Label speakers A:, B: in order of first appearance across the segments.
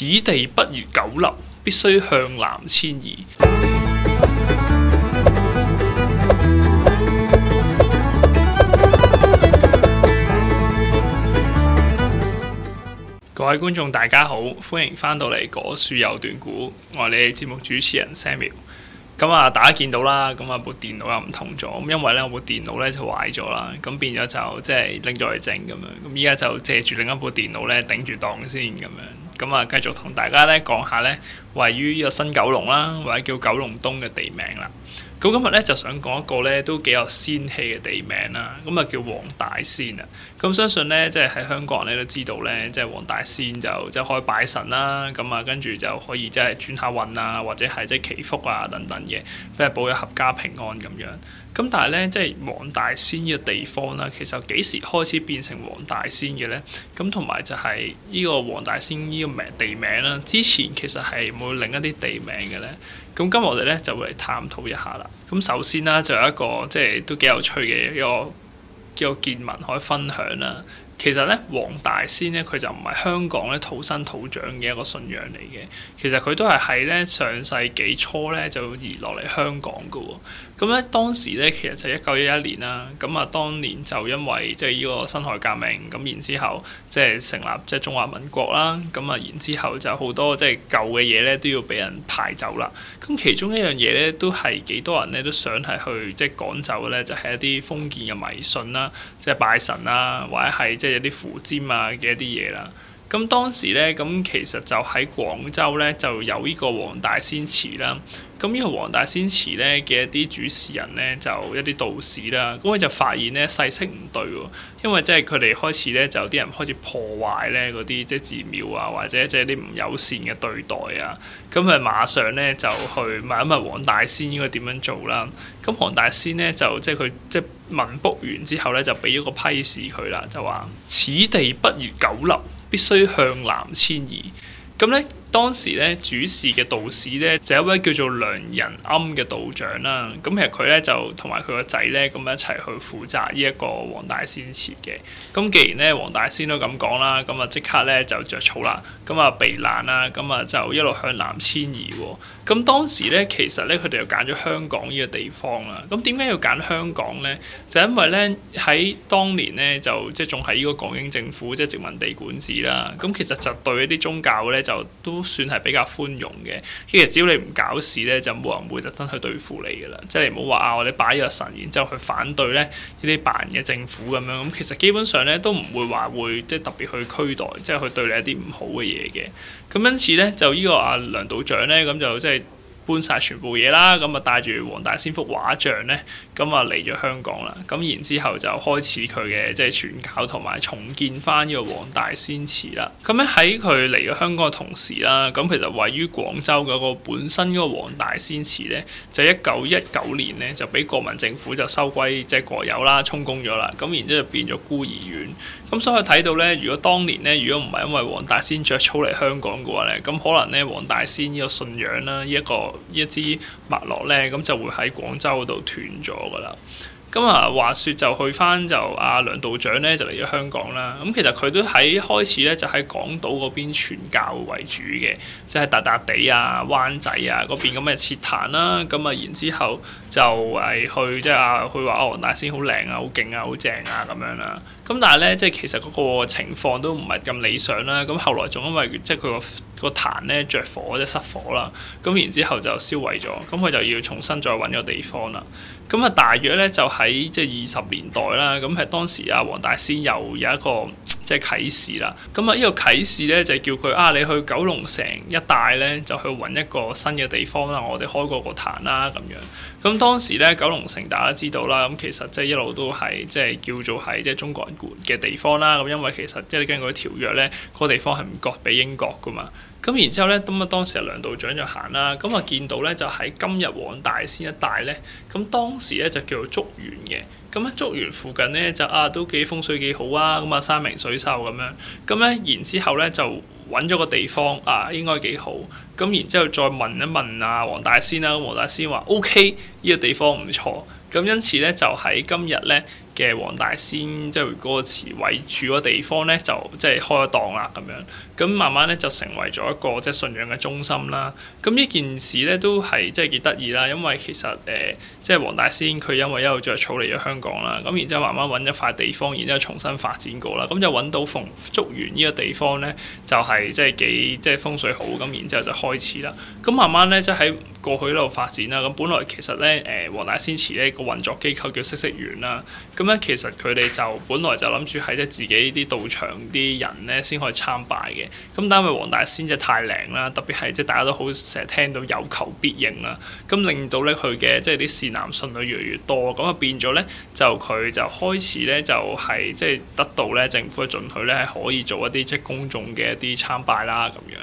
A: 此地不宜久留，必須向南遷移。各位觀眾大家好，歡迎翻到嚟《果樹有段古》，我係你哋節目主持人 Samuel。咁啊，大家見到啦，咁啊，部電腦又唔同咗。咁因為呢，我部電腦呢就壞咗啦，咁變咗就即係拎咗去整咁樣。咁依家就借住另一部電腦呢，頂住檔先咁樣。咁啊，繼續同大家咧講下咧，位於呢個新九龍啦，或者叫九龍東嘅地名啦。咁今日咧就想講一個咧都幾有仙氣嘅地名啦。咁啊叫黃大仙啊。咁相信咧即係喺香港你都知道咧，即係黃大仙就即係可以拜神啦。咁啊跟住就可以即係轉下運啊，或者係即係祈福啊等等嘅，即係保佑合家平安咁樣。咁但係咧，即係黃大仙呢個地方啦，其實幾時開始變成黃大仙嘅咧？咁同埋就係呢個黃大仙呢個名地名啦，之前其實係冇另一啲地名嘅咧。咁今日我哋咧就會嚟探討一下啦。咁首先啦，就有一個即係都幾有趣嘅一個叫做見聞可以分享啦。其實咧，黃大仙咧，佢就唔係香港咧土生土長嘅一個信仰嚟嘅。其實佢都係喺咧上世紀初咧就移落嚟香港噶喎、哦。咁咧當時咧，其實就一九一一年啦。咁啊，當年就因為即係呢個辛亥革命，咁然之後即係成立即係、就是、中華民國啦。咁啊，然之後就好多即係舊嘅嘢咧都要俾人排走啦。咁其中一樣嘢咧都係幾多人咧都想係去即係趕走咧，就係、是、一啲封建嘅迷信啦，即、就、係、是、拜神啦，或者係即係。即係有啲符籤啊嘅一啲嘢啦。 咁當時咧，咁其實就喺廣州咧，就有呢個黃大仙祠啦。咁呢個黃大仙祠咧嘅一啲主持人咧，就一啲道士啦。咁佢就發現咧勢色唔對喎，因為即係佢哋開始咧就有啲人開始破壞咧嗰啲即係寺廟啊，或者即係啲唔友善嘅對待啊。咁佢馬上咧就去問一問黃大仙應該點樣做啦。咁黃大仙咧就即係佢即係問卜完之後咧，就俾一個批示佢啦，就話此地不宜久留。必須向南遷移，咁咧。當時咧，主事嘅道士咧就一位叫做梁仁庵嘅道長啦。咁其實佢咧就同埋佢個仔咧咁樣一齊去負責呢一個黃大仙祠嘅。咁既然咧黃大仙都咁講啦，咁啊即刻咧就着草啦，咁啊避難啦，咁啊就一路向南遷移。咁當時咧其實咧佢哋又揀咗香港呢個地方啦。咁點解要揀香港咧？就因為咧喺當年咧就即係仲喺呢個港英政府即係殖民地管治啦。咁其實就對一啲宗教咧就都。算係比較寬容嘅，其實只要你唔搞事咧，就冇人會特登去對付你噶啦。即係你唔好話啊，我哋擺咗個神，然之後去反對咧呢啲白人嘅政府咁樣。咁其實基本上咧都唔會話會即係特別去驅待，即係去對你一啲唔好嘅嘢嘅。咁因此咧，就呢個阿、啊、梁道長咧，咁就即係搬晒全部嘢啦，咁啊帶住黃大仙幅畫像咧。咁啊嚟咗香港啦，咁然之後就開始佢嘅即係傳教同埋重建翻呢個黃大仙祠啦。咁咧喺佢嚟咗香港嘅同時啦，咁其實位於廣州嗰個本身嗰個黃大仙祠咧，就一九一九年咧就俾國民政府就收歸即係國有啦，充公咗啦。咁然之後就變咗孤兒院。咁所以睇到咧，如果當年咧，如果唔係因為黃大仙着草嚟香港嘅話咧，咁可能咧黃大仙呢個信仰啦，呢、呢個、一個呢一支脈絡咧，咁就會喺廣州嗰度斷咗。啦，咁啊、嗯，話說就去翻就阿、啊、梁道長咧，就嚟咗香港啦。咁、嗯、其實佢都喺開始咧，就喺港島嗰邊傳教為主嘅，即係大笪地啊，灣仔啊嗰邊咁嘅設壇啦。咁啊，嗯、然之後就係去即係話佢話哦，大仙好靚啊，好勁啊，好正啊咁樣啦。咁、嗯、但係咧，即係其實嗰個情況都唔係咁理想啦、啊。咁、嗯、後來仲因為即係佢個。就是個壇咧，着火或者失火啦，咁然之後就燒毀咗，咁佢就要重新再搵個地方啦。咁啊，大約咧，就喺即係二十年代啦，咁係當時啊黃大仙又有一個。即係啟示啦，咁啊呢個啟示咧就係，叫佢啊，你去九龍城一帶咧就去揾一個新嘅地方啦，啊，我哋開個個壇啦咁樣。咁、啊、當時咧九龍城大家知道啦，咁、嗯、其實即係一路都係即係叫做喺即係中國人管嘅地方啦。咁、啊、因為其實即係根據條約咧，嗰、嗰個地方係唔割俾英國噶嘛。咁然之後咧，咁啊當時阿梁道長就行啦，咁啊見到咧就喺今日黃大仙一帶咧，咁當時咧就叫做竹園嘅，咁咧竹園附近咧就啊都幾風水幾好啊，咁啊山明水秀咁樣，咁咧然之後咧就揾咗個地方啊，應該幾好，咁然之後再問一問啊黃大仙啦，黃大仙話 OK，呢個地方唔錯，咁因此咧就喺今日咧。嘅黃大仙即係嗰個祠位住個地方咧，就即係開咗檔啦咁樣。咁慢慢咧就成為咗一個即係信仰嘅中心啦。咁呢件事咧都係即係幾得意啦，因為其實誒、呃、即係黃大仙佢因為一路在草嚟咗香港啦，咁然之後慢慢揾咗塊地方，然之後重新發展過啦。咁就揾到逢竹園呢個地方咧，就係、是、即係幾即係風水好咁，然之後就開始啦。咁慢慢咧即係喺過去呢度發展啦。咁本來其實咧誒、呃、黃大仙祠咧個運作機構叫嗇色園啦，咁。咁其實佢哋就本來就諗住係咧自己啲道場啲人咧先可以參拜嘅，咁但係黃大仙就太靈啦，特別係即係大家都好成日聽到有求必應啦，咁令到咧佢嘅即係啲善男信女越嚟越多，咁啊變咗咧就佢就開始咧就係、係、即係得到咧政府嘅准許咧，係可以做一啲即係公眾嘅一啲參拜啦咁樣，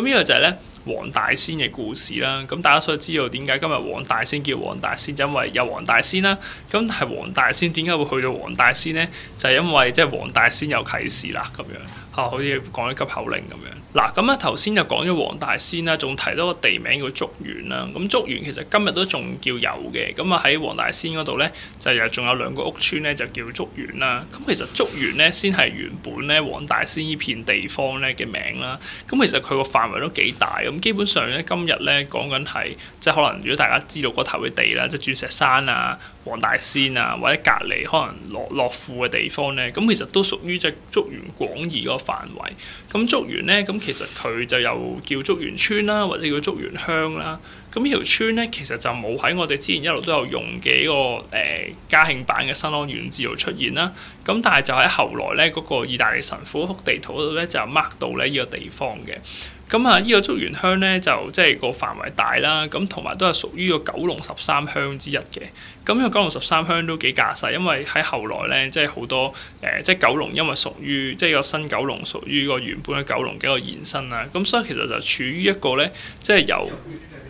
A: 咁呢個就係咧。黃大仙嘅故事啦，咁大家所以知道點解今日黃大仙叫黃大仙，因為有黃大仙啦。咁係黃大仙點解會去到黃大仙咧？就係、是、因為即係黃大仙有啟示啦，咁樣。嚇、啊，好似講啲急口令咁樣。嗱，咁啊頭先就講咗黃大仙啦，仲提到個地名叫竹園啦。咁竹園其實今日都仲叫有嘅。咁啊喺黃大仙嗰度咧，就又仲有兩個屋村咧就叫竹園啦。咁其實竹園咧先係原本咧黃大仙呢片地方咧嘅名啦。咁其實佢個範圍都幾大。咁基本上咧今日咧講緊係即係可能如果大家知道嗰頭嘅地啦，即係鑽石山啊、黃大仙啊或者隔離可能落落庫嘅地方咧，咁其實都屬於即係竹園廣義範圍。咁竹園咧，咁其實佢就又叫竹園村啦，或者叫竹園鄉啦。咁呢條村咧，其實就冇喺我哋之前一路都有用嘅一個嘉慶、呃、版嘅新安縣志度出現啦。咁但係就喺後來咧，嗰、嗰個意大利神父嗰幅地圖嗰度咧，就 mark 到咧呢個地方嘅。咁啊，嗯這個、呢個竹園鄉咧就即係個範圍大啦，咁、嗯、同埋都係屬於個九龍十三鄉之一嘅。咁呢個九龍十三鄉都幾架勢，因為喺後來咧，即係好多誒、呃，即係九龍因為屬於即係個新九龍，屬於個原本嘅九龍嘅一個延伸啦。咁、嗯、所以其實就處於一個咧，即係由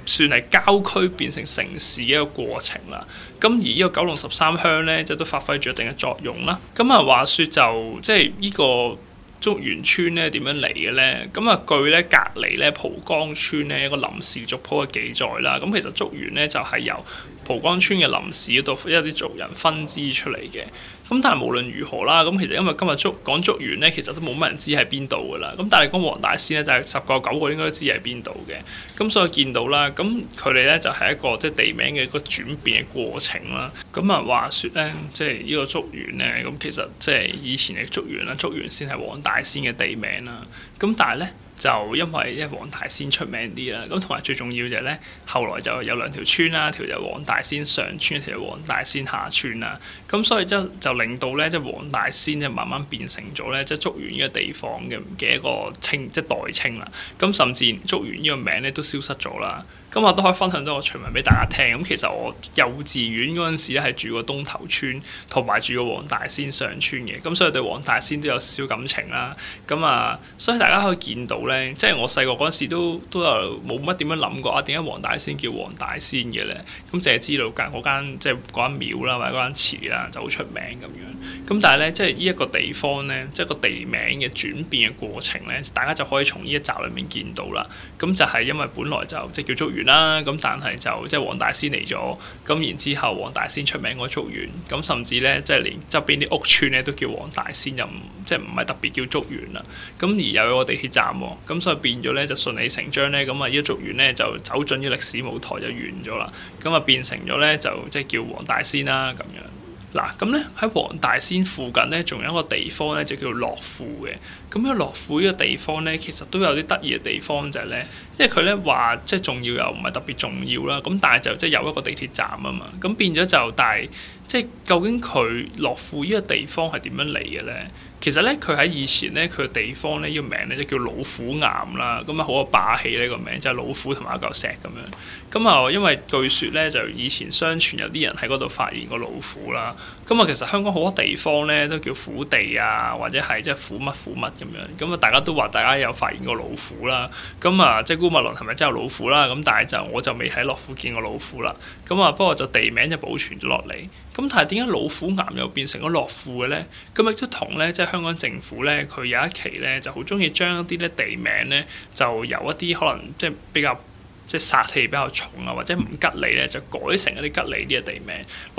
A: 算係郊區變成城市嘅一個過程啦。咁、嗯、而呢個九龍十三鄉咧，即係都發揮咗一定嘅作用啦。咁、嗯、啊、嗯，話說就即係呢、這個。竹園村咧點樣嚟嘅咧？咁啊，據咧隔籬咧蒲崗村咧一個林氏族譜嘅記載啦，咁、嗯、其實竹園咧就係、是、由蒲崗村嘅林氏嗰度，一啲族人分支出嚟嘅。咁但係無論如何啦，咁其實因為今日竹講竹園咧，其實都冇乜人知係邊度噶啦。咁但係講黃大仙咧，就係、是、十個九個應該都知係邊度嘅。咁所以見到啦，咁佢哋咧就係一個即係、就是、地名嘅一個轉變嘅過程啦。咁啊話說咧，即係呢個竹園咧，咁其實即係以前嘅竹園啦，竹園先係黃大仙嘅地名啦。咁但係咧。就因為即係黃大仙出名啲啦，咁同埋最重要就係咧，後來就有兩條村啦，一條就黃大仙上村，條就黃大仙下村啦。咁所以即就，就令到咧，即係黃大仙就慢慢變成咗咧，即係竹園呢個地方嘅嘅一個稱，即係代稱啦。咁甚至竹園呢個名咧都消失咗啦。咁我都可以分享多個趣聞俾大家聽。咁其實我幼稚園嗰陣時咧係住過東頭村，同埋住過黃大仙上村嘅，咁所以對黃大仙都有少少感情啦。咁啊，所以大家可以見到即係我細個嗰陣時都都有冇乜點樣諗過啊，點解黃大仙叫黃大仙嘅咧？咁淨係知道間間即係嗰間廟啦，或者嗰間祠啦就好出名咁樣。咁但係咧，即係呢一個地方咧，即係個地名嘅轉變嘅過程咧，大家就可以從呢一集裡面見到啦。咁就係因為本來就即係叫竹園啦，咁但係就即係黃大仙嚟咗，咁然之後黃大仙出名個竹園，咁甚至咧即係連周邊啲屋村咧都叫黃大仙，又唔即係唔係特別叫竹園啦。咁而又有個地鐵站喎，啊。咁所以變咗咧就順理成章咧，咁啊一族完咧就走進啲歷史舞台就完咗啦。咁啊變成咗咧就即係叫黃大仙啦咁樣。嗱咁咧喺黃大仙附近咧仲有一個地方咧就叫做樂富嘅。咁咧樂富呢個地方咧其實都有啲得意嘅地方就係咧，因為佢咧話即係重要又唔係特別重要啦。咁但係就即係有一個地鐵站啊嘛。咁變咗就但係。即究竟佢樂富呢個地方係點樣嚟嘅咧？其實咧，佢喺以前咧，佢個地方咧，呢、這個名咧就叫老虎岩啦。咁、嗯、啊，好有霸氣呢、這個名，就係、是、老虎同埋一嚿石咁樣。咁、嗯、啊，因為據説咧，就以前相傳有啲人喺嗰度發現過老虎啦。咁、嗯、啊、嗯，其實香港好多地方咧都叫虎地啊，或者係即係虎乜虎乜咁樣。咁、嗯、啊，大家都話大家有發現過老虎啦。咁、嗯、啊、嗯，即係烏木林係咪真有老虎啦？咁、嗯、但係就我就未喺樂富見過老虎啦。咁、嗯、啊，不過就地名就保存咗落嚟。嗯嗯嗯嗯嗯咁但係點解老虎岩又變成咗樂富嘅咧？咁亦都同咧，即、就、係、是、香港政府咧，佢有一期咧，就好中意將一啲咧地名咧，就由一啲可能即係比較。即係殺氣比較重啊，或者唔吉利咧，就改成一啲吉利啲嘅地名。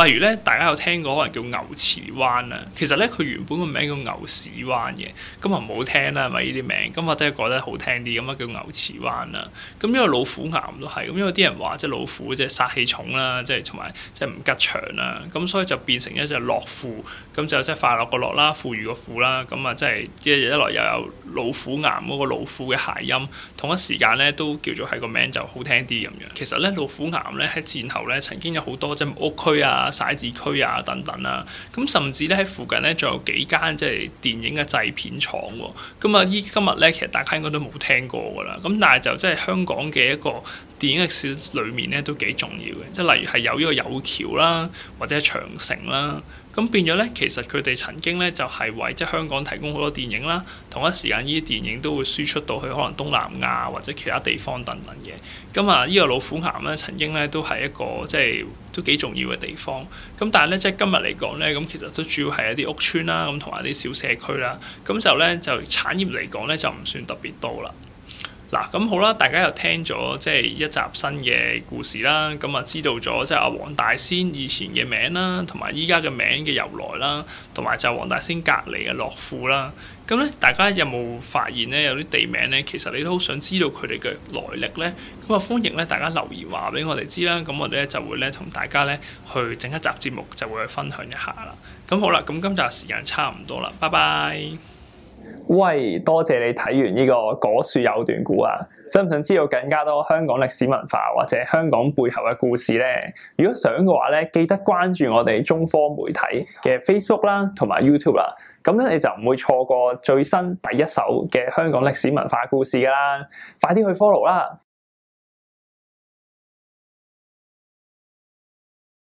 A: 例如咧，大家有聽過可能叫牛池灣啦，其實咧佢原本個名叫牛屎灣嘅，咁啊唔好聽啦，係咪呢啲名？咁或者覺得好聽啲，咁啊叫牛池灣啦。咁因為老虎岩都係，咁因為啲人話即係老虎即係殺氣重啦，即係同埋即係唔吉祥長啦，咁所以就變成一隻樂富，咁就即係快樂個樂啦，富裕個富啦，咁啊即係一日一來又有老虎岩嗰個老虎嘅諧音，同一時間咧都叫做係個名就好。好聽啲咁樣，其實咧老虎岩咧喺戰後咧曾經有好多即係木屋區啊、徙置區啊等等啦、啊，咁甚至咧喺附近咧仲有幾間即係電影嘅製片廠喎、哦，咁啊依今日咧其實大家應該都冇聽過噶啦，咁但係就即係香港嘅一個電影歷史裏面咧都幾重要嘅，即係例如係有呢個有橋啦，或者長城啦。咁變咗咧，其實佢哋曾經咧就係、是、為即係香港提供好多電影啦，同一時間呢啲電影都會輸出到去可能東南亞或者其他地方等等嘅。咁、嗯、啊，呢、這個老虎岩咧曾經咧都係一個即係都幾重要嘅地方。咁、嗯、但係咧即係今日嚟講咧，咁其實都主要係一啲屋邨啦，咁同埋啲小社區啦，咁、嗯、就咧就產業嚟講咧就唔算特別多啦。嗱，咁好啦，大家又聽咗即係一集新嘅故事啦，咁啊知道咗即係阿黃大仙以前嘅名啦，同埋依家嘅名嘅由來啦，同埋就係黃大仙隔離嘅樂富啦。咁咧，大家有冇發現咧，有啲地名咧，其實你都好想知道佢哋嘅來歷咧？咁啊，歡迎咧大家留言話俾我哋知啦，咁我哋咧就會咧同大家咧去整一集節目，就會去分享一下啦。咁好啦，咁今集時間差唔多啦，拜拜。喂，多謝你睇完呢、這個果樹有段古啊！想唔想知道更加多香港歷史文化或者香港背後嘅故事呢？如果想嘅話咧，記得關注我哋中科媒體嘅 Facebook 啦，同埋 YouTube 啦。咁咧你就唔會錯過最新第一手嘅香港歷史文化故事噶啦！快啲去 follow 啦！